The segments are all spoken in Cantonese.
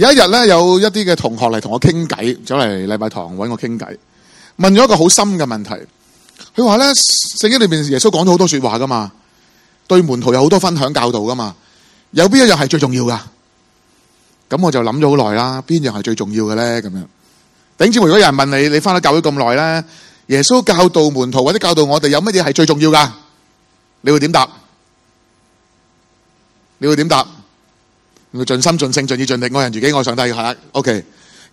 有一日咧，有一啲嘅同學嚟同我傾偈，走嚟禮拜堂揾我傾偈，問咗一個好深嘅問題。佢話咧，聖經裏面耶穌講咗好多說話噶嘛，對門徒有好多分享教導噶嘛，有邊一樣係最重要噶？咁我就諗咗好耐啦，邊一樣係最重要嘅咧？咁樣頂住，如果有人問你，你返咗教會咁耐咧，耶穌教導門徒或者教導我哋，有乜嘢係最重要噶？你會點答？你會點答？佢盡心盡性盡意盡力愛人如己愛上帝係啦，OK。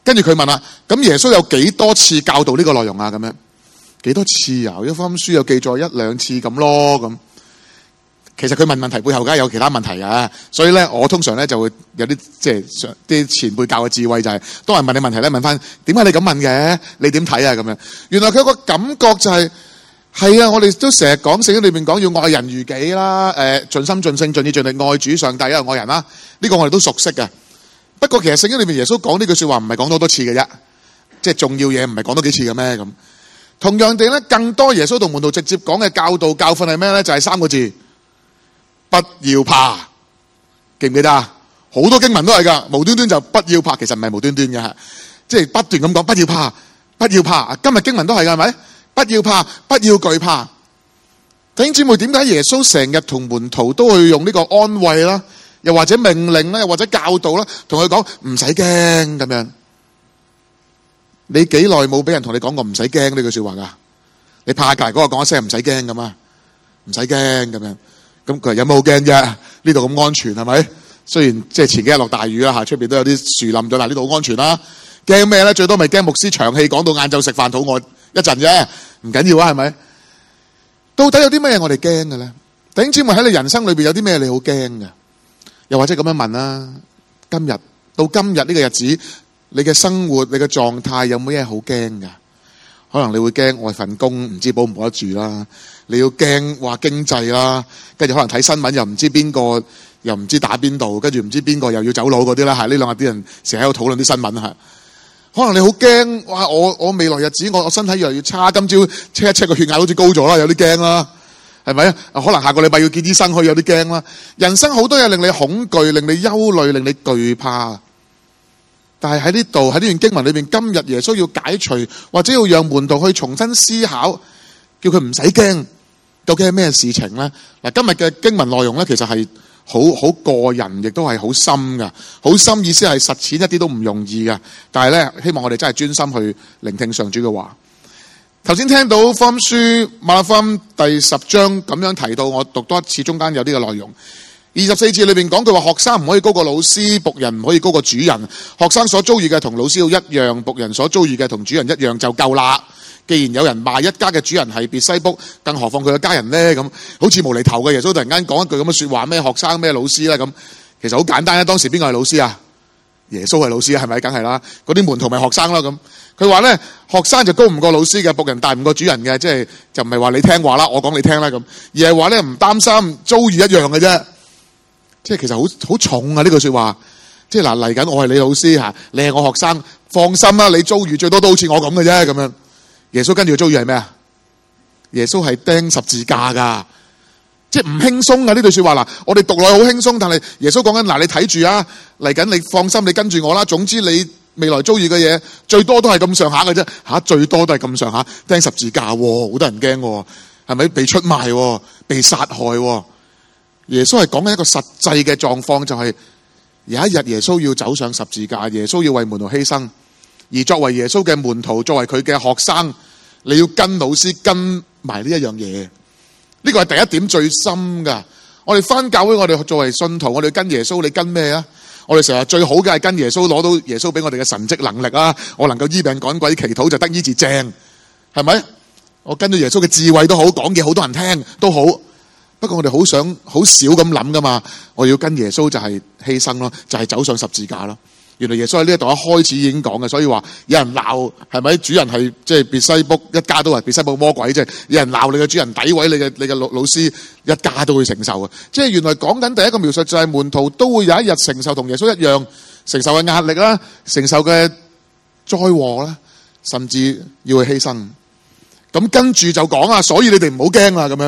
跟住佢問啊，咁耶穌有幾多次教導呢個內容啊？咁樣幾多次啊？一封書有記載一兩次咁咯，咁其實佢問問題背後梗係有其他問題啊。所以咧，我通常咧就會有啲即係啲前輩教嘅智慧就係，當人問你問題咧，問翻點解你咁問嘅？你點睇啊？咁樣原來佢有個感覺就係。係啊，我哋都成日講聖經裏面講要愛人如己啦，誒、呃、盡心盡性盡意盡力愛主上帝啊，因為愛人啦，呢、這個我哋都熟悉嘅。不過其實聖經裏面耶穌講呢句話說話唔係講多多次嘅啫，即係重要嘢唔係講多幾次嘅咩咁。同樣地咧，更多耶穌同門徒直接講嘅教導教訓係咩咧？就係、是、三個字，不要怕。記唔記得啊？好多經文都係噶，無端端就不要怕，其實唔係無端端嘅，即、就、係、是、不斷咁講不要怕，不要怕。今日經文都係噶，係咪？不要怕，不要懼怕。弟兄姊妹，點解耶穌成日同門徒都去用呢個安慰啦，又或者命令啦，又或者教導啦，同佢講唔使驚咁樣。你幾耐冇俾人同你講過唔使驚呢句說話噶？你怕架，嗰個講一聲唔使驚咁啊，唔使驚咁樣。咁佢話有冇驚啫？呢度咁安全係咪？雖然即係前幾日落大雨啦，吓出邊都有啲樹冧咗，但係呢度好安全啦。驚咩咧？最多咪驚牧師長氣講到晏晝食飯肚餓。一陣啫，唔緊要啊，係咪？到底有啲咩我哋驚嘅咧？弟兄姊妹喺你人生裏邊有啲咩你好驚嘅？又或者咁樣問啦，啊？今日到今日呢個日子，你嘅生活、你嘅狀態有冇嘢好驚嘅？可能你會驚我份工唔知保唔保得住啦，你要驚話經濟啦，跟住可能睇新聞又唔知邊個又唔知打邊度，跟住唔知邊個又要走佬嗰啲啦。係呢兩日啲人成日喺度討論啲新聞嚇。可能你好驚，哇！我我未來日子我我身體越嚟越差，今朝 check 一 check 個血壓好似高咗啦，有啲驚啦，係咪啊？可能下個禮拜要見醫生去，有啲驚啦。人生好多嘢令你恐懼，令你憂慮，令你懼怕。但係喺呢度喺呢段經文裏邊，今日耶穌要解除，或者要讓門徒去重新思考，叫佢唔使驚。究竟係咩事情呢？嗱，今日嘅經文內容呢，其實係。好好個人，亦都係好深噶，好深意思係實踐一啲都唔容易噶。但係呢，希望我哋真係專心去聆聽上主嘅話。頭先聽到福音馬太福音第十章咁樣提到，我讀多一次，中間有啲嘅內容。二十四節裏面講佢話：學生唔可以高過老師，僕人唔可以高過主人。學生所遭遇嘅同老師要一樣，僕人所遭遇嘅同主人一樣就夠啦。既然有人罵一家嘅主人係別西卜，更何況佢嘅家人呢？咁，好似無厘頭嘅耶穌突然間講一句咁嘅説話，咩學生咩老師咧咁，其實好簡單啊。當時邊個係老師啊？耶穌係老師係咪？梗係啦，嗰啲門徒咪學生咯咁。佢話咧學生就高唔過老師嘅，僕人大唔過主人嘅，即係就唔係話你聽話啦，我講你聽啦咁，而係話咧唔擔心遭遇一樣嘅啫，即係其實好好重啊呢句説話。即係嗱，嚟緊，我係你老師吓，你係我學生，放心啦，你遭遇最多都好似我咁嘅啫咁樣。耶穌跟住嘅遭遇係咩啊？耶穌係釘十字架噶，即係唔輕鬆啊。呢句說話嗱。我哋讀落好輕鬆，但係耶穌講緊嗱，你睇住啊，嚟緊你放心，你跟住我啦。總之你未來遭遇嘅嘢，最多都係咁上下嘅啫。吓、啊，最多都係咁上下，釘十字架、啊，好多人驚嘅，係咪被出賣、啊、被殺害、啊？耶穌係講緊一個實際嘅狀況，就係、是、有一日耶穌要走上十字架，耶穌要為門徒犧牲。而作為耶穌嘅門徒，作為佢嘅學生，你要跟老師跟埋呢一樣嘢。呢個係第一點最深噶。我哋返教會，我哋作為信徒，我哋跟耶穌，你跟咩啊？我哋成日最好嘅係跟耶穌攞到耶穌俾我哋嘅神蹟能力啦。我能夠醫病趕鬼，祈禱就得醫治正，係咪？我跟住耶穌嘅智慧都好，講嘢好多人聽都好。不過我哋好想好少咁諗噶嘛。我要跟耶穌就係犧牲咯，就係走上十字架咯。原來耶穌喺呢一度一開始已經講嘅，所以話有人鬧係咪？是是主人係即係別西卜一家都係別西卜魔鬼，即係有人鬧你嘅主人，詆毀你嘅你嘅老老師，一家都會承受啊！即係原來講緊第一個描述就係、是、門徒都會有一日承受同耶穌一樣承受嘅壓力啦，承受嘅災禍啦，甚至要去犧牲。咁跟住就講啊，所以你哋唔好驚啦，咁樣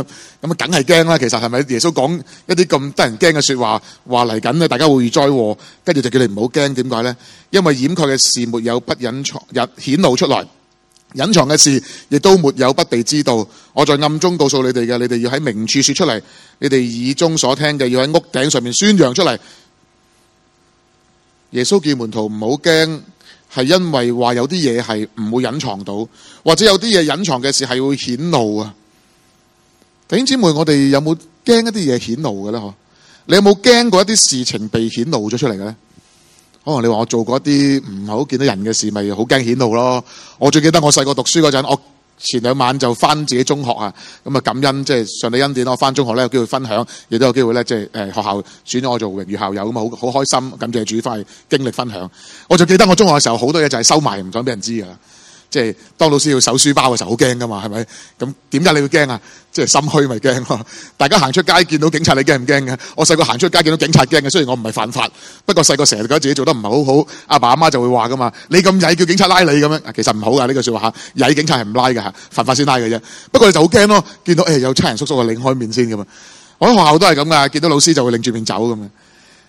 咁啊，梗係驚啦。其實係咪耶穌講一啲咁得人驚嘅說話？話嚟緊咧，大家會遇災禍，跟住就叫你唔好驚。點解呢？因為掩蓋嘅事沒有不隱藏，日顯露出來，隱藏嘅事亦都沒有不被知道。我在暗中告訴你哋嘅，你哋要喺明處說出嚟。你哋耳中所聽嘅，要喺屋頂上面宣揚出嚟。耶穌叫門徒唔好驚。係因為話有啲嘢，係唔會隱藏到，或者有啲嘢，隱藏嘅事係會顯露啊！弟兄姊妹，我哋有冇驚一啲嘢顯露嘅咧？嗬，你有冇驚過一啲事情被顯露咗出嚟嘅咧？可能你話我做過一啲唔係好見到人嘅事，咪好驚顯露咯？我最記得我細個讀書嗰陣，我。前兩晚就翻自己中學啊，咁啊感恩即係、就是、上帝恩典，我翻中學咧，有機會分享，亦都有機會咧即係誒學校選咗我做榮譽校友，咁啊好好開心，感謝主翻嚟經歷分享。我就記得我中學嘅時候好多嘢就係收埋唔想俾人知㗎。即係當老師要搜書包嘅時候，好驚噶嘛？係咪？咁點解你會驚啊？即係心虛咪驚咯。大家行出街見到警察，你驚唔驚啊？我細個行出街見到警察驚嘅，雖然我唔係犯法，不過細個成日覺得自己做得唔係好好，阿爸阿媽就會話噶嘛。你咁曳叫警察拉你咁樣，其實唔好噶，呢個説話嚇曳，警察係唔拉嘅嚇，犯法先拉嘅啫。不過你就好驚咯，見到誒、哎、有差人叔叔啊，擰開面先咁啊。我喺學校都係咁噶，見到老師就會擰住面走咁啊。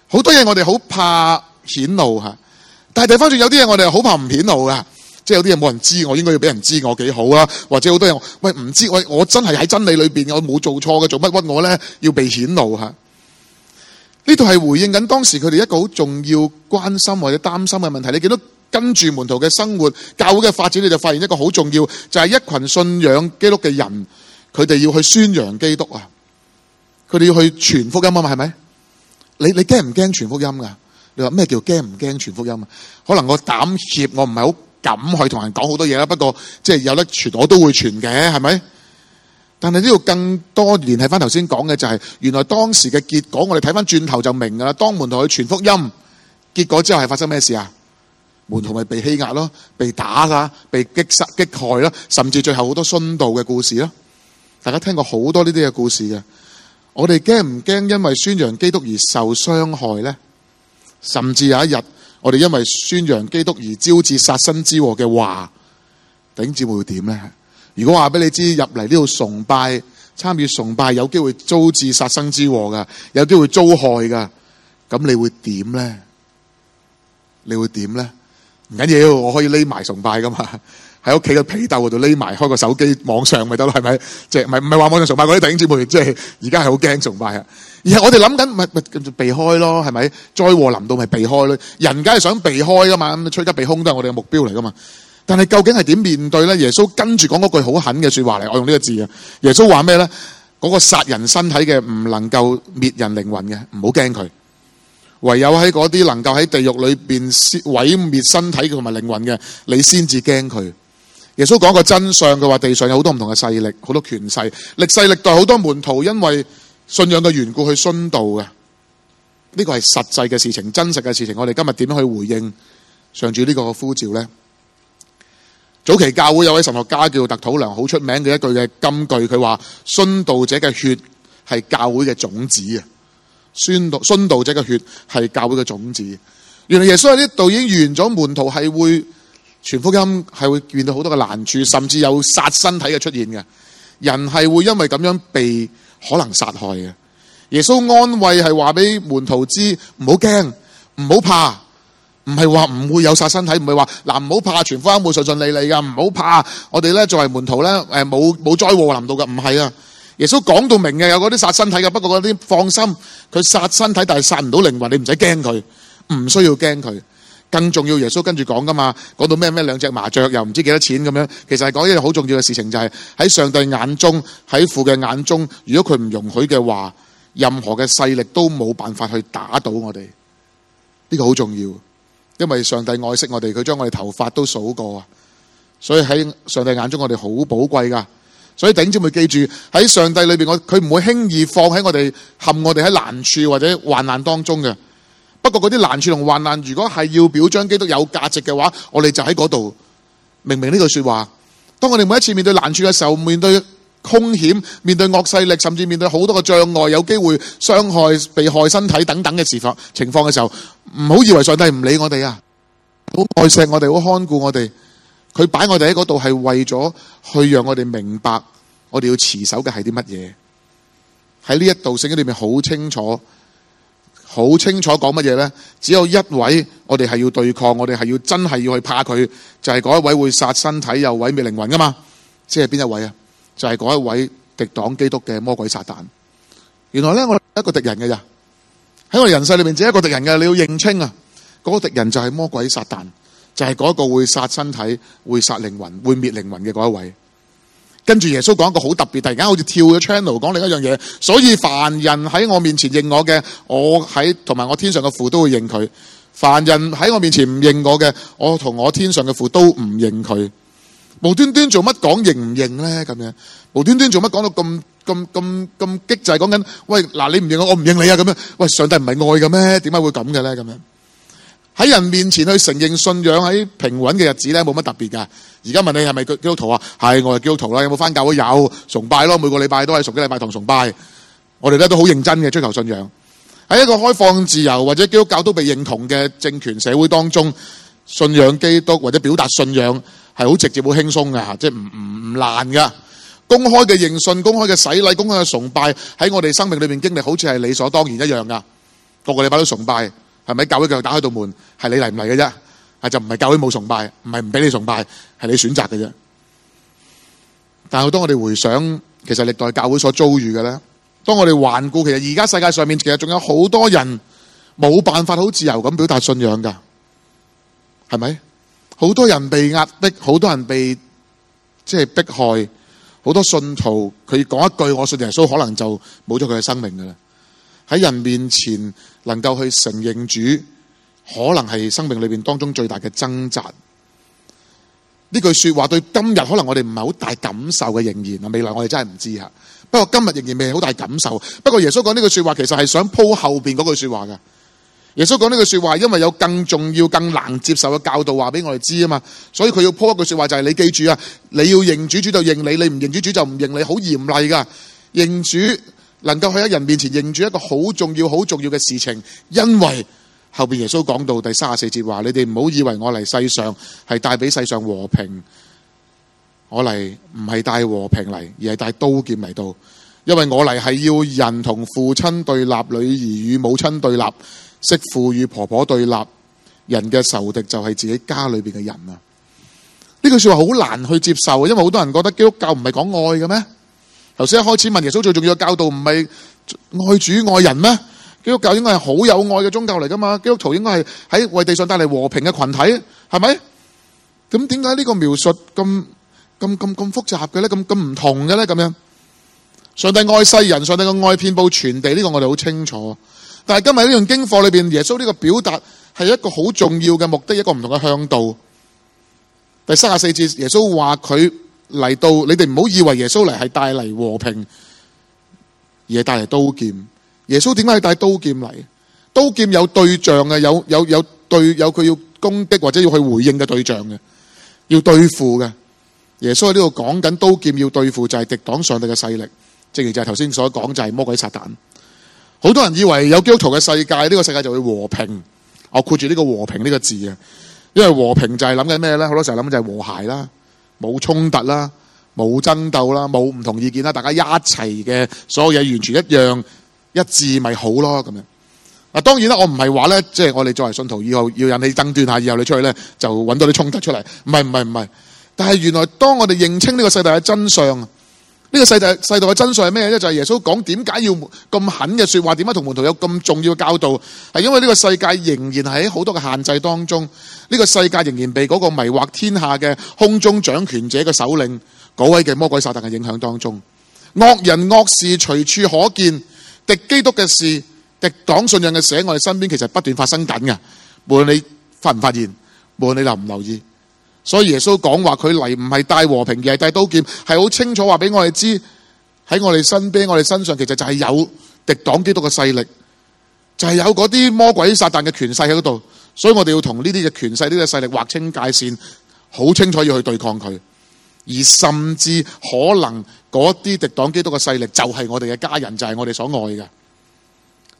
好多嘢我哋好怕顯露嚇，但係睇翻轉有啲嘢我哋好怕唔顯露啊。即有啲嘢冇人知，我應該要俾人知我幾好啊，或者好多人喂唔知我，我真係喺真理裏邊，我冇做錯嘅，做乜屈我咧？要被顯露吓。呢度係回應緊當時佢哋一個好重要關心或者擔心嘅問題。你見到跟住門徒嘅生活、教會嘅發展，你就發現一個好重要就係一群信仰基督嘅人，佢哋要去宣揚基督啊，佢哋要去傳福音啊嘛，係咪？你你驚唔驚傳福音噶？你話咩叫驚唔驚傳福音啊？可能我膽怯，我唔係好。咁去同人講好多嘢啦，不過即係有得傳，我都會傳嘅，係咪？但係呢度更多聯繫翻頭先講嘅就係，原來當時嘅結果，我哋睇翻轉頭就明噶啦。當門徒去傳福音，結果之後係發生咩事啊？門徒咪被欺壓咯，被打啦，被擊殺、擊害啦，甚至最後好多殉道嘅故事咯。大家聽過好多呢啲嘅故事嘅，我哋驚唔驚？因為宣揚基督而受傷害呢？甚至有一日。我哋因為宣揚基督而招致殺身之禍嘅話，弟兄姊妹會點咧？如果話俾你知入嚟呢度崇拜、參與崇拜，有機會遭致殺身之禍噶，有機會遭害噶，咁你會點咧？你會點咧？唔緊要，我可以匿埋崇拜噶嘛？喺屋企嘅被竇度匿埋，開個手機網上咪得咯？係咪？即係唔係唔係話網上崇拜嗰啲弟兄姊妹，即係而家係好驚崇拜啊！而係我哋諗緊咪咪避開咯，係咪災禍臨到咪避開咧？人梗係想避開噶嘛，咁趨吉避凶都係我哋嘅目標嚟噶嘛。但係究竟係點面對呢？耶穌跟住講嗰句好狠嘅說話嚟，我用呢個字啊。耶穌話咩呢？嗰個殺人身體嘅唔能夠滅人靈魂嘅，唔好驚佢。唯有喺嗰啲能夠喺地獄裏邊毀滅身體同埋靈魂嘅，你先至驚佢。耶穌講個真相嘅話，地上有好多唔同嘅勢力，好多權勢，歷世歷代好多門徒因為。信仰嘅緣故去殉道嘅，呢、這個係實際嘅事情，真實嘅事情。我哋今日點樣去回應上主呢個呼召呢？早期教會有位神學家叫特土良，好出名嘅一句嘅金句，佢話：殉道者嘅血係教會嘅種子啊！殉道，殉道者嘅血係教會嘅種子。原來耶穌喺呢度已經完咗，門徒係會傳福音，係會遇到好多嘅難處，甚至有殺身體嘅出現嘅。人係會因為咁樣被。可能殺害嘅，耶穌安慰係話俾門徒知，唔好驚，唔好怕，唔係話唔會有殺身體，唔係話嗱唔好怕，傳福音會順順利利噶，唔好怕，我哋咧作為門徒咧，誒冇冇災禍臨到噶，唔係啊，耶穌講到明嘅，有嗰啲殺身體嘅，不過嗰啲放心，佢殺身體但係殺唔到靈魂，你唔使驚佢，唔需要驚佢。更重要，耶穌跟住講㗎嘛，講到咩咩兩隻麻雀又唔知幾多錢咁樣，其實係講一樣好重要嘅事情，就係、是、喺上帝眼中，喺父嘅眼中，如果佢唔容許嘅話，任何嘅勢力都冇辦法去打倒我哋。呢、這個好重要，因為上帝愛惜我哋，佢將我哋頭髮都數過啊，所以喺上帝眼中，我哋好寶貴㗎。所以頂先會記住喺上帝裏邊，我佢唔會輕易放喺我哋陷我哋喺難處或者患難當中嘅。不過嗰啲難處同患難，如果係要表彰基督有價值嘅話，我哋就喺嗰度。明唔明呢句說話？當我哋每一次面對難處嘅時候，面對兇險、面對惡勢力，甚至面對好多嘅障礙，有機會傷害、被害身體等等嘅情況情況嘅時候，唔好以為上帝唔理我哋啊！好愛錫我哋，好看顧我哋。佢擺我哋喺嗰度，係為咗去讓我哋明白，我哋要持守嘅係啲乜嘢。喺呢一度聖經裏面好清楚。好清楚講乜嘢呢？只有一位，我哋係要對抗，我哋係要真係要去怕佢，就係嗰一位會殺身體又毀滅靈魂噶嘛？即係邊一位啊？就係嗰一位敵擋基督嘅魔鬼撒旦。原來呢，我一個敵人嘅咋。喺我人世裏面，只係一個敵人嘅，你要認清啊！嗰個敵人就係魔鬼撒旦，就係嗰一個會殺身體、會殺靈魂、會滅靈魂嘅嗰一位。跟住耶穌講一個好特別，突然間好似跳咗 channel 講另一樣嘢。所以凡人喺我面前認我嘅，我喺同埋我天上嘅父都會認佢；凡人喺我面前唔認我嘅，我同我天上嘅父都唔認佢。無端端做乜講認唔認呢？咁樣無端端做乜講到咁咁咁咁激，就係講緊：喂，嗱，你唔認我，我唔認你啊！咁樣喂，上帝唔係愛嘅咩？點解會咁嘅呢？咁樣。喺人面前去承認信仰，喺平穩嘅日子咧冇乜特別噶。而家問你係咪基督徒啊？係我係基督徒啦。有冇翻教會？有崇拜咯。每個禮拜都係每個禮拜堂崇拜。我哋咧都好認真嘅追求信仰。喺一個開放自由或者基督教都被認同嘅政權社會當中，信仰基督或者表達信仰係好直接好輕鬆噶，即係唔唔唔難噶。公開嘅認信、公開嘅洗禮、公開嘅崇拜，喺我哋生命裏面經歷，好似係理所當然一樣噶。個個禮拜都崇拜。係咪教會就打開道門？係你嚟唔嚟嘅啫，係就唔係教會冇崇拜，唔係唔俾你崇拜，係你選擇嘅啫。但係當我哋回想，其實歷代教會所遭遇嘅咧，當我哋環顧，其實而家世界上面其實仲有好多人冇辦法好自由咁表達信仰噶，係咪？好多人被壓迫，好多人被即係迫害，好多信徒佢講一句我信耶穌，可能就冇咗佢嘅生命噶啦。喺人面前能夠去承認主，可能係生命裏邊當中最大嘅掙扎。呢句說話對今日可能我哋唔係好大感受嘅，仍然啊，未來我哋真係唔知啊。不過今日仍然未好大感受。不過耶穌講呢句說話，其實係想鋪後邊嗰句說話噶。耶穌講呢句說話，因為有更重要、更難接受嘅教導話俾我哋知啊嘛，所以佢要鋪一句說話就係你記住啊，你要認主主就認你，你唔認主主就唔認你，好嚴厲噶，認主。能夠喺人面前認住一個好重要、好重要嘅事情，因為後邊耶穌講到第三十四節話：你哋唔好以為我嚟世上係帶俾世上和平，我嚟唔係帶和平嚟，而係帶刀劍嚟到。因為我嚟係要人同父親對立，女兒與母親對立，媳婦與婆婆對立，人嘅仇敵就係自己家裏邊嘅人啊！呢句說話好難去接受，因為好多人覺得基督教唔係講愛嘅咩？頭先一開始問耶穌最重要嘅教導，唔係愛主愛人咩？基督教應該係好有愛嘅宗教嚟㗎嘛？基督徒應該係喺為地上帶嚟和平嘅群體，係咪？咁點解呢個描述咁咁咁咁複雜嘅咧？咁咁唔同嘅咧？咁樣，上帝愛世人，上帝嘅愛遍佈全地，呢個我哋好清楚。但係今日呢段經課裏邊，耶穌呢個表達係一個好重要嘅目的，一個唔同嘅向度。第三十四節，耶穌話佢。嚟到，你哋唔好以為耶穌嚟係帶嚟和平，而係帶嚟刀劍。耶穌點解要帶刀劍嚟？刀劍有對象嘅，有有有對有佢要攻擊或者要去回應嘅對象嘅，要對付嘅。耶穌喺呢度講緊刀劍要對付就係敵擋上帝嘅勢力，正如就係頭先所講就係魔鬼撒旦。好多人以為有基督徒嘅世界，呢個世界就會和平，我括住呢個和平呢個字啊，因為和平就係諗緊咩咧？好多時候諗緊就係和諧啦。冇衝突啦，冇爭鬥啦，冇唔同意見啦，大家一齊嘅所有嘢完全一樣一致咪好咯咁樣。嗱，當然啦，我唔係話咧，即係我哋作為信徒以後要引起爭端下，以後你出去咧就揾到啲衝突出嚟。唔係唔係唔係，但係原來當我哋認清呢個世界嘅真相。呢個世界、世道嘅真相係咩？一就係、是、耶穌講點解要咁狠嘅說話，點解同門徒有咁重要嘅教導？係因為呢個世界仍然喺好多嘅限制當中，呢、這個世界仍然被嗰個迷惑天下嘅空中掌權者嘅首領嗰位嘅魔鬼撒旦嘅影響當中，惡人惡事隨處可見，敵基督嘅事、敵黨、信仰嘅事，我哋身邊其實不斷發生緊嘅，無論你發唔發現，無論你留唔留意。所以耶穌講話，佢嚟唔係帶和平，而係帶刀劍，係好清楚話俾我哋知喺我哋身邊、我哋身上，其實就係有敵擋基督嘅勢力，就係有嗰啲魔鬼、撒旦嘅權勢喺度。所以我哋要同呢啲嘅權勢、呢嘅勢力劃清界線，好清楚要去對抗佢，而甚至可能嗰啲敵擋基督嘅勢力就係我哋嘅家人，就係我哋所愛嘅。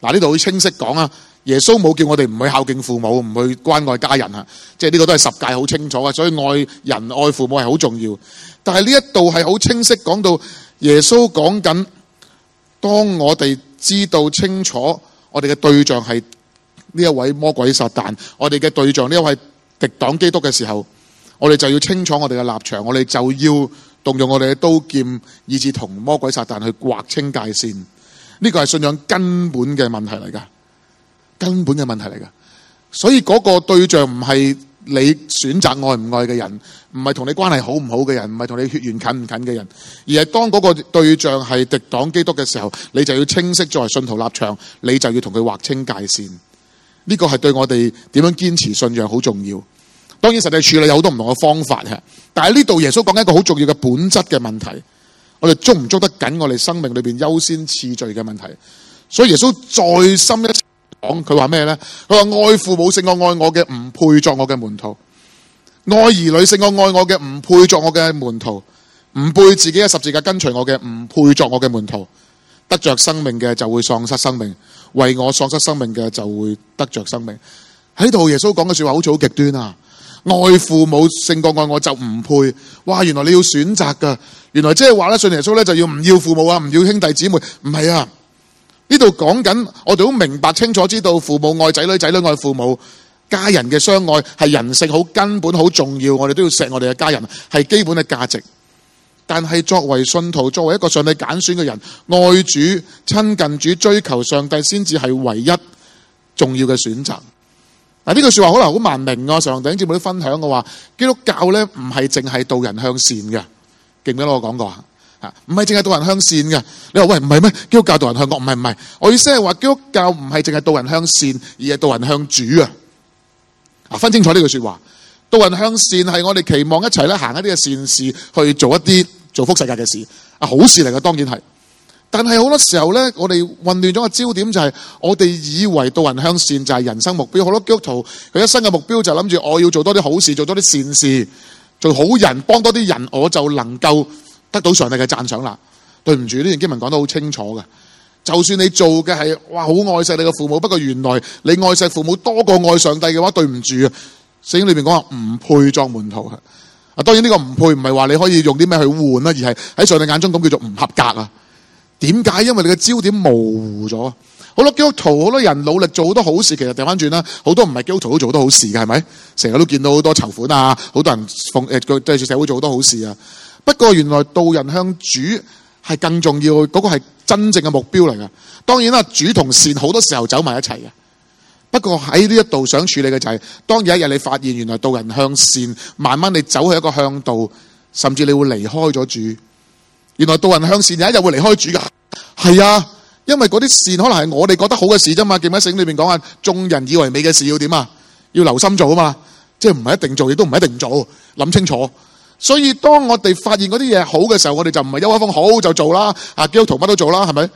嗱，呢度好清晰講啊！耶穌冇叫我哋唔去孝敬父母，唔去關愛家人啊！即係呢個都係十誡，好清楚啊！所以愛人、愛父母係好重要。但係呢一度係好清晰講到耶穌講緊，當我哋知道清楚我哋嘅對象係呢一位魔鬼撒旦，我哋嘅對象呢一位敵擋基督嘅時候，我哋就要清楚我哋嘅立場，我哋就要動用我哋嘅刀劍，以致同魔鬼撒旦去劃清界線。呢個係信仰根本嘅問題嚟噶。根本嘅問題嚟噶，所以嗰個對象唔係你選擇愛唔愛嘅人，唔係同你關係好唔好嘅人，唔係同你血緣近唔近嘅人，而係當嗰個對象係敵擋基督嘅時候，你就要清晰作為信徒立場，你就要同佢劃清界線。呢個係對我哋點樣堅持信仰好重要。當然實際處理有好多唔同嘅方法嘅，但係呢度耶穌講緊一個好重要嘅本質嘅問題：我哋捉唔捉得緊我哋生命裏邊優先次序嘅問題。所以耶穌再深一。講佢話咩呢？佢話，愛父母勝過愛我嘅唔配作我嘅門徒，愛兒女勝過愛我嘅唔配作我嘅門徒，唔背自己嘅十字架跟隨我嘅唔配作我嘅門徒，得着生命嘅就會喪失生命，為我喪失生命嘅就會得着生命。喺度耶穌講嘅說話好似好極端啊！愛父母勝過愛我就唔配。哇！原來你要選擇噶，原來即係話咧，信耶穌咧就要唔要父母啊，唔要兄弟姊妹，唔係啊。呢度講緊，我哋都明白清楚，知道父母愛仔女，仔女愛父母，家人嘅相愛係人性好根本、好重要。我哋都要錫我哋嘅家人，係基本嘅價值。但係作為信徒，作為一個上帝揀選嘅人，愛主、親近主、追求上帝，先至係唯一重要嘅選擇。嗱，呢句說話可能好難明啊！上堂頂節目都分享嘅話，基督教呢唔係淨係導人向善嘅，記唔記得我講過？唔係淨係導人向善嘅。你話，喂，唔係咩？基督教道，導人向惡唔係，唔係？我意思係話基督教唔係淨係導人向善，而係導人向主啊。啊，分清楚呢句說話。導人向善係我哋期望一齊咧，行一啲嘅善事，去做一啲造福世界嘅事啊，好事嚟㗎，當然係。但係好多時候咧，我哋混亂咗個焦點就係我哋以為導人向善就係人生目標。好多基督徒佢一生嘅目標就諗住我要做多啲好事，做多啲善事，做好人，幫多啲人，我就能夠。得到上帝嘅讚賞啦，對唔住，呢段經文講得好清楚㗎。就算你做嘅係哇好愛惜你嘅父母，不過原來你愛惜父母多過愛上帝嘅話，對唔住啊！聖經裏邊講話唔配作門徒啊。啊，當然呢個唔配唔係話你可以用啲咩去換啦，而係喺上帝眼中咁叫做唔合格啊。點解？因為你嘅焦點模糊咗。好啦，基督徒好多人努力做好多好事，其實掉翻轉啦，好多唔係基督徒都做好多好事嘅，係咪？成日都見到好多籌款啊，好多人奉誒對住社會做好多好事啊。不過原來導人向主係更重要，嗰、那個係真正嘅目標嚟噶。當然啦，主同善好多時候走埋一齊嘅。不過喺呢一度想處理嘅就係、是，當有一日你發現原來導人向善，慢慢你走去一個向道，甚至你會離開咗主。原來導人向善，有一日會離開主噶，係啊，因為嗰啲善可能係我哋覺得好嘅事啫嘛。《聖經》裏面講啊，眾人以為美嘅事要點啊？要留心做啊嘛，即係唔係一定做，亦都唔一定做，諗清楚。所以，當我哋發現嗰啲嘢好嘅時候，我哋就唔係優化風好就做啦。啊，基督徒乜都做啦，係咪？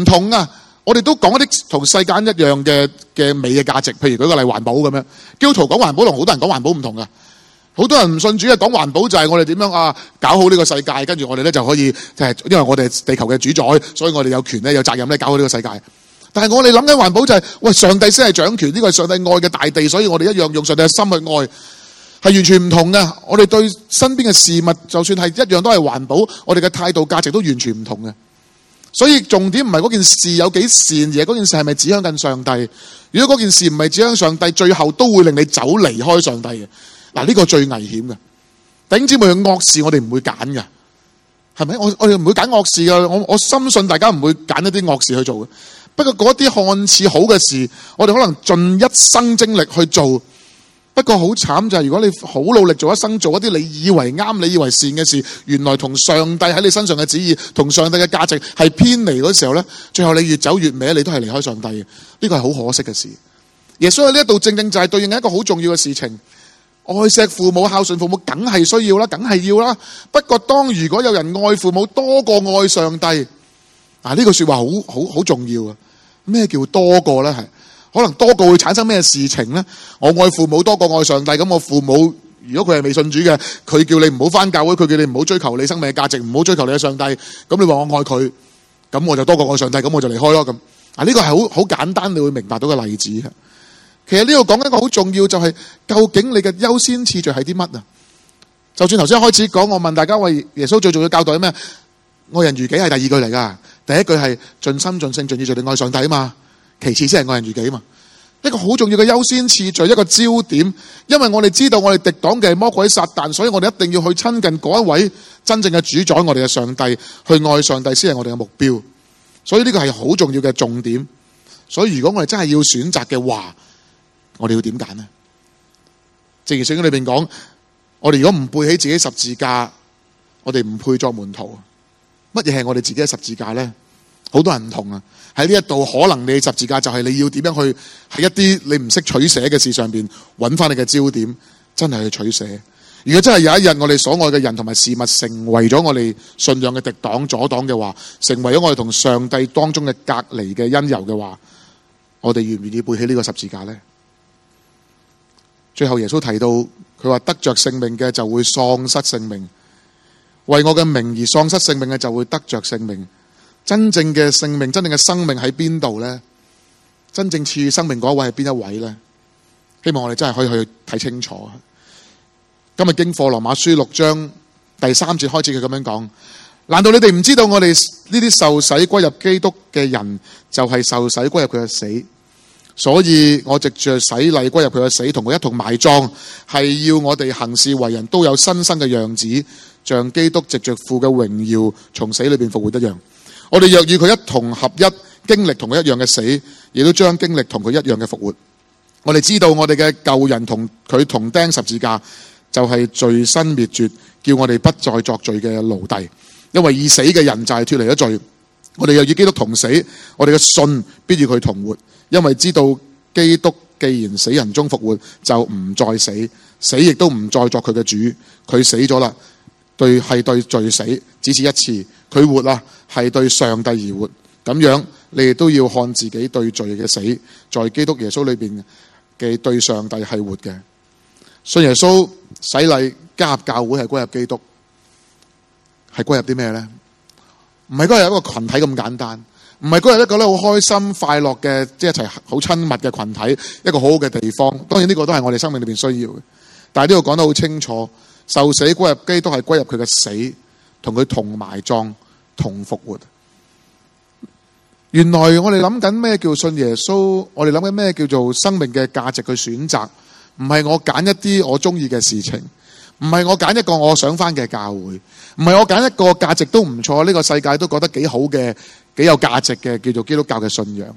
唔同啊！我哋都講一啲同世界一樣嘅嘅美嘅價值。譬如舉個例，環保咁樣，基督徒講環保同好多人講環保唔同嘅。好多人唔信主嘅講環保就係我哋點樣啊，搞好呢個世界，跟住我哋咧就可以誒，因為我哋係地球嘅主宰，所以我哋有權咧有責任咧搞好呢個世界。但係我哋諗緊環保就係、是、喂上帝先係掌權，呢個係上帝愛嘅大地，所以我哋一樣用上帝嘅心去愛。係完全唔同嘅，我哋對身邊嘅事物，就算係一樣都係環保，我哋嘅態度價值都完全唔同嘅。所以重點唔係嗰件事有幾善，而係嗰件事係咪指向緊上帝。如果嗰件事唔係指向上帝，最後都會令你走離開上帝嘅。嗱、這、呢個最危險嘅，弟兄姊妹惡事我哋唔會揀嘅，係咪？我我哋唔會揀惡事嘅。我我深信大家唔會揀一啲惡事去做嘅。不過嗰啲看似好嘅事，我哋可能盡一生精力去做。不過好慘就係、是、如果你好努力做一生做一啲你以為啱你以為善嘅事，原來同上帝喺你身上嘅旨意同上帝嘅價值係偏離嗰時候呢最後你越走越歪，你都係離開上帝嘅，呢個係好可惜嘅事。耶穌喺呢一度正正就係對應一個好重要嘅事情，愛錫父母孝順父母，梗係需要啦，梗係要啦。不過當如果有人愛父母多過愛上帝，嗱呢句說話好好好重要啊！咩叫多過呢？係？可能多過會產生咩事情呢？我愛父母多過愛上帝，咁我父母如果佢係未信主嘅，佢叫你唔好翻教會，佢叫你唔好追求你生命嘅價值，唔好追求你嘅上帝。咁你話我愛佢，咁我就多過愛上帝，咁我就離開咯。咁啊呢個係好好簡單，你會明白到嘅例子。其實呢度講一個好重要，就是，就係究竟你嘅優先次序係啲乜啊？就算頭先開始講，我問大家喂，耶穌最重要教導咩？愛人如己係第二句嚟噶，第一句係盡心盡性盡意做你愛上帝啊嘛。其次先係愛人如己嘛，一個好重要嘅優先次序，一個焦點。因為我哋知道我哋敵擋嘅魔鬼撒旦，所以我哋一定要去親近嗰一位真正嘅主宰，我哋嘅上帝，去愛上帝先係我哋嘅目標。所以呢個係好重要嘅重點。所以如果我哋真係要選擇嘅話，我哋要點揀咧？正如聖經裏邊講，我哋如果唔背起自己十字架，我哋唔配作門徒。乜嘢係我哋自己嘅十字架咧？好多人唔同啊！喺呢一度，可能你十字架就係你要點樣去喺一啲你唔識取捨嘅事上邊揾翻你嘅焦點，真係去取捨。如果真係有一日我哋所愛嘅人同埋事物成為咗我哋信仰嘅敵擋阻擋嘅話，成為咗我哋同上帝當中嘅隔離嘅因由嘅話，我哋願唔願意背起呢個十字架咧？最後耶穌提到，佢話得着性命嘅就會喪失性命，為我嘅名義喪失性命嘅就會得着性命。真正嘅性命，真正嘅生命喺邊度咧？真正賜予生命嗰一位係邊一位咧？希望我哋真係可以去睇清楚。今日經課羅馬書六章第三節開始，佢咁樣講：難道你哋唔知道我哋呢啲受洗歸入基督嘅人，就係、是、受洗歸入佢嘅死，所以我藉着洗禮歸入佢嘅死，同佢一同埋葬，係要我哋行事為人，都有新生嘅樣子，像基督藉着父嘅榮耀從死裏邊復活一樣。我哋若與佢一同合一，經歷同佢一樣嘅死，亦都將經歷同佢一樣嘅復活。我哋知道我哋嘅舊人同佢同釘十字架，就係、是、罪身滅絕，叫我哋不再作罪嘅奴隸。因為已死嘅人就係脫離咗罪。我哋若與基督同死，我哋嘅信必與佢同活。因為知道基督既然死人中復活，就唔再死，死亦都唔再作佢嘅主。佢死咗啦。對係對罪死，只是一次。佢活啊，係對上帝而活。咁樣你哋都要看自己對罪嘅死，在基督耶穌裏邊嘅對上帝係活嘅。信耶穌洗禮加入教會係歸入基督，係歸入啲咩呢？唔係歸入一個群體咁簡單，唔係歸入一個咧好開心快樂嘅，即係一齊好親密嘅群體，一個好好嘅地方。當然呢個都係我哋生命裏邊需要嘅，但係都要講得好清楚。受死歸入基督，都係歸入佢嘅死，同佢同埋葬、同復活。原來我哋諗緊咩叫信耶穌？我哋諗緊咩叫做生命嘅價值去選擇？唔係我揀一啲我中意嘅事情，唔係我揀一個我想翻嘅教會，唔係我揀一個價值都唔錯、呢個世界都覺得幾好嘅、幾有價值嘅叫做基督教嘅信仰，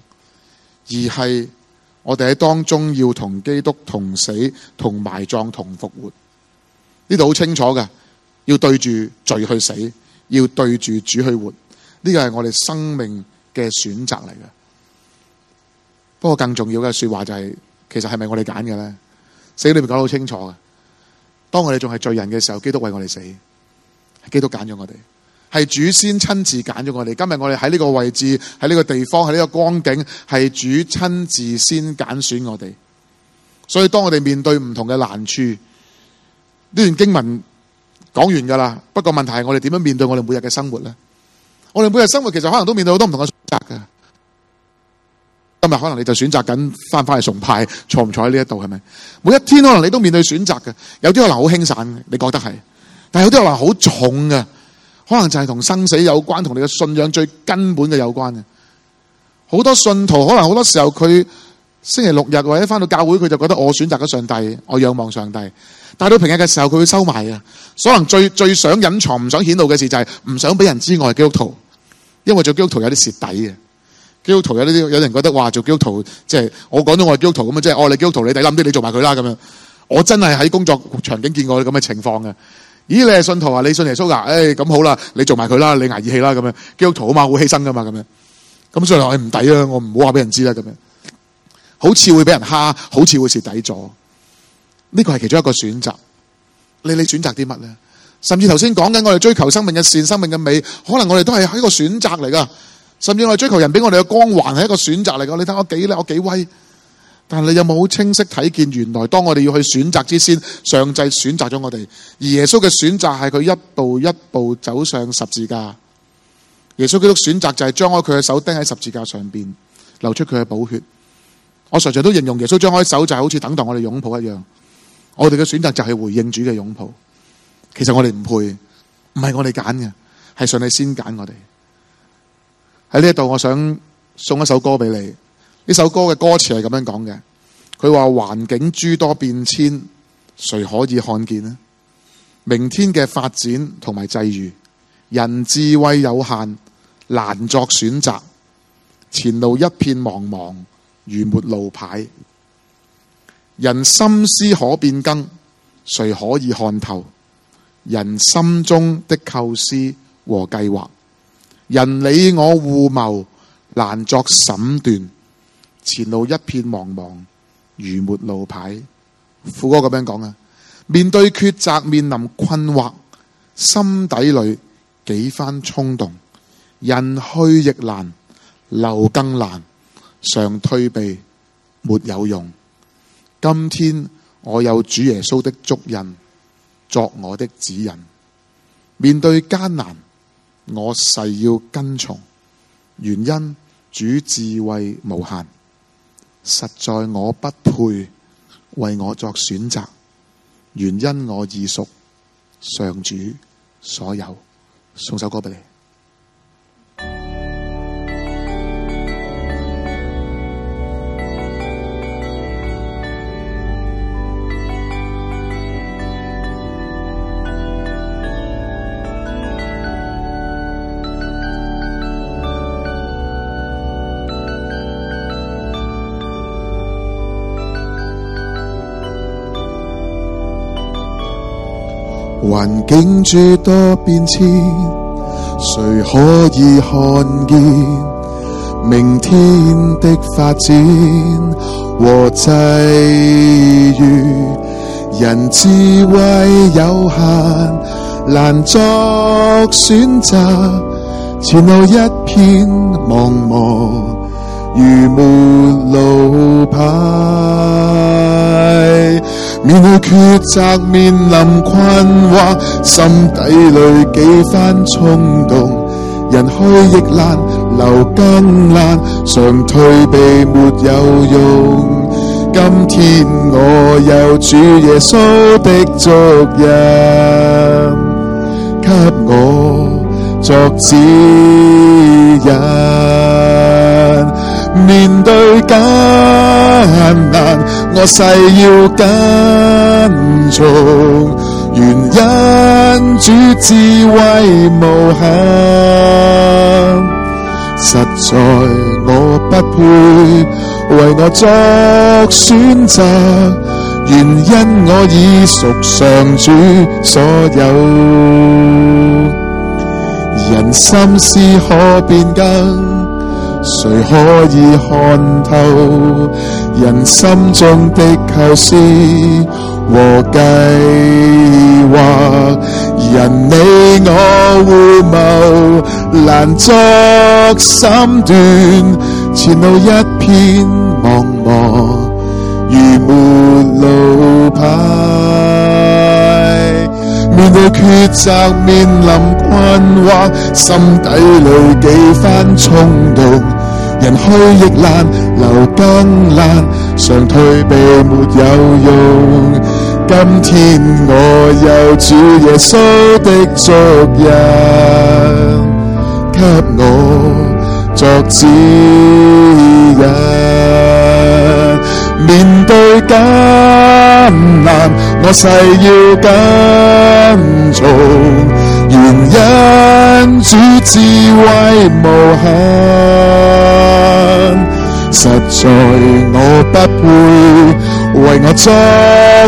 而係我哋喺當中要同基督同死、同埋葬、同復活。呢度好清楚嘅，要對住罪去死，要對住主去活，呢個係我哋生命嘅選擇嚟嘅。不過更重要嘅說話就係，其實係咪我哋揀嘅咧？聖經裡邊講得好清楚嘅，當我哋仲係罪人嘅時候，基督為我哋死，係基督揀咗我哋，係主先親自揀咗我哋。今日我哋喺呢個位置，喺呢個地方，喺呢個光景，係主親自先揀選，選我哋。所以當我哋面對唔同嘅難處，呢段經文講完噶啦，不過問題係我哋點樣面對我哋每日嘅生活咧？我哋每日生活其實可能都面對好多唔同嘅選擇嘅。今日可能你就選擇緊翻翻去崇派，坐唔坐喺呢一度係咪？每一天可能你都面對選擇嘅，有啲可能好輕散嘅，你覺得係？但係有啲可能好重嘅，可能就係同生死有關，同你嘅信仰最根本嘅有關嘅。好多信徒可能好多時候佢。星期六日或者翻到教會，佢就覺得我選擇咗上帝，我仰望上帝。但到平日嘅時候，佢會收埋嘅。可能最最想隱藏、唔想顯露嘅事，就係、是、唔想俾人知我係基督徒，因為做基督徒有啲蝕底嘅。基督徒有啲有人覺得話，做基督徒即係、就是、我講到我係基督徒咁啊，即係我係基督徒，你抵諗啲你做埋佢啦咁樣。我真係喺工作場景見過啲咁嘅情況嘅。咦，你係信徒啊？你信耶穌㗎、啊？誒、哎，咁好啦，你做埋佢啦，你捱義氣啦咁樣。基督徒啊嘛，好犧牲㗎嘛，咁樣。咁所以話唔抵啊，我唔好話俾人知啦咁樣。好似會俾人蝦，好似會蝕底咗。呢個係其中一個選擇。你你選擇啲乜呢？甚至頭先講緊我哋追求生命嘅善、生命嘅美，可能我哋都係一個選擇嚟噶。甚至我哋追求人俾我哋嘅光環係一個選擇嚟噶。你睇我幾叻，我幾威。但係你有冇好清晰睇見？原來當我哋要去選擇之先，上帝選擇咗我哋。而耶穌嘅選擇係佢一步一步走上十字架。耶穌佢都選擇就係將開佢嘅手釘喺十字架上邊，流出佢嘅寶血。我常常都形容耶穌張開手，就係好似等待我哋擁抱一樣。我哋嘅選擇就係回應主嘅擁抱。其實我哋唔配，唔係我哋揀嘅，係上帝先揀我哋。喺呢度，我想送一首歌俾你，呢首歌嘅歌詞係咁樣講嘅。佢話環境諸多變遷，誰可以看見呢？明天嘅發展同埋際遇，人智慧有限，難作選擇，前路一片茫茫。如沒路牌，人心思可變更，誰可以看透人心中的構思和計劃？人你我互謀，難作審斷，前路一片茫茫，如沒路牌。富哥咁樣講啊，面對抉擇，面臨困惑，心底裏幾番衝動，人去亦難，留更難。常退避沒有用，今天我有主耶穌的足印作我的指引，面對艱難我誓要跟從，原因主智慧無限，實在我不配為我作選擇，原因我已屬上主所有，送首歌畀你。環境諸多變遷，誰可以看見明天的發展和際遇？人智慧有限，難作選擇，前路一片茫茫，如沒路牌。面對抉擇，面臨困惑，心底裏幾番衝動，人去亦難，留更難，常退避沒有用。今天我有主耶穌的足印，給我作指引。面對艱難，我誓要跟從，原因主智慧無限，實在我不配為我作選擇，原因我已屬上主所有，人心思可變更。誰可以看透人心中的構思和計劃？人你我互謀難作心斷，前路一片茫茫，如沒路跑。面對抉擇，面臨困惑，心底裏幾番衝動，人虛亦難留燈爛，常退避沒有用。今天我有主耶穌的足印，給我作指引。面對艱難，我誓要跟從，原因主智慧無限。實在我不會為我作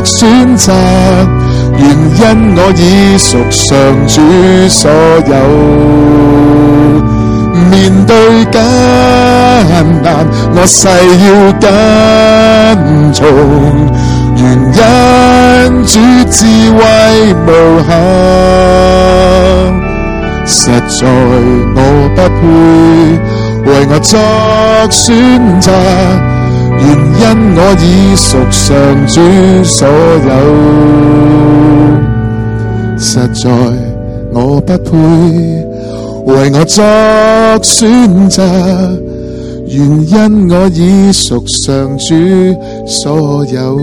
選擇，原因我已屬上主所有。面對艱難，我誓要跟從，原因主智慧無限。實在我不配，為我作選擇，原因我已屬上主所有。實在我不配。為我作選擇，原因我已屬上主所有。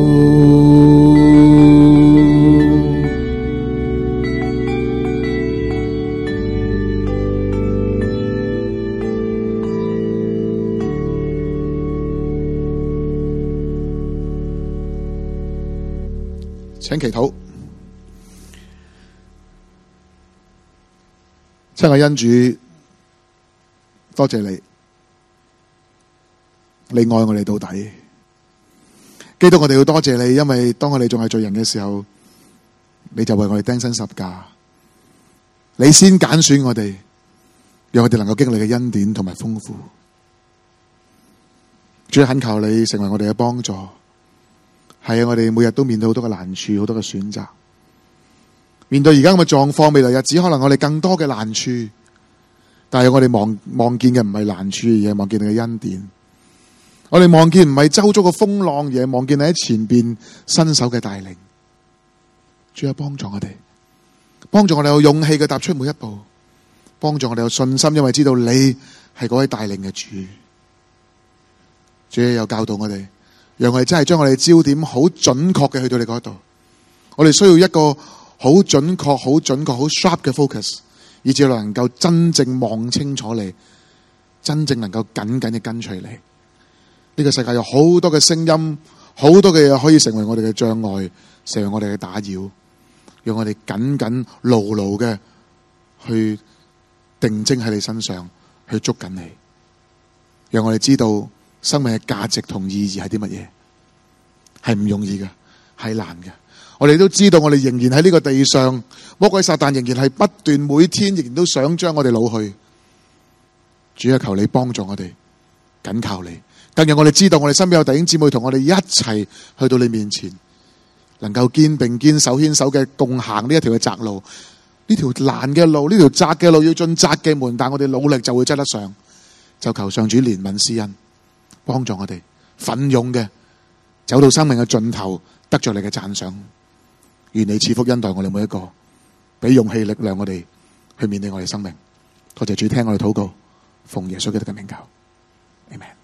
請祈禱。親愛恩主，多謝你，你愛我哋到底。基督，我哋要多謝你，因為當我哋仲係罪人嘅時候，你就為我哋釘身十架，你先揀選，選我哋，讓我哋能夠經歷嘅恩典同埋豐富。主懇求你成為我哋嘅幫助，係啊！我哋每日都面對好多嘅難處，好多嘅選擇。面對而家咁嘅狀況，未來日子可能我哋更多嘅難處，但係我哋望望見嘅唔係難處而係，望見你嘅恩典。我哋望見唔係周遭嘅風浪，而係望見你喺前邊伸手嘅帶領。主啊，幫助我哋，幫助我哋有勇氣嘅踏出每一步，幫助我哋有信心，因為知道你係嗰位帶領嘅主。主啊，有教導我哋，讓我哋真係將我哋焦點好準確嘅去到你嗰度。我哋需要一個。好準確、好準確、好 sharp 嘅 focus，以至能夠真正望清楚你，真正能夠緊緊嘅跟隨你。呢、這個世界有好多嘅聲音，好多嘅嘢，可以成為我哋嘅障礙，成為我哋嘅打擾。讓我哋緊緊牢牢嘅去定睛喺你身上，去捉緊你。讓我哋知道生命嘅價值同意義係啲乜嘢，係唔容易嘅，係難嘅。我哋都知道，我哋仍然喺呢個地上，魔鬼撒旦仍然係不斷，每天仍然都想將我哋擄去。主啊，求你幫助我哋，緊靠你。更讓我哋知道，我哋身邊有弟兄姊妹同我哋一齊去到你面前，能夠肩併肩、手牽手嘅共行呢一條嘅窄路，呢條難嘅路，呢條窄嘅路要進窄嘅門，但我哋努力就會擠得上。就求上主憐憫、施恩，幫助我哋奮勇嘅走到生命嘅盡頭，得着你嘅讚賞。願你賜福恩待我哋每一個，畀勇氣力量我哋去面對我哋生命。多謝主聽我哋禱告，奉耶穌基督嘅名求，阿門。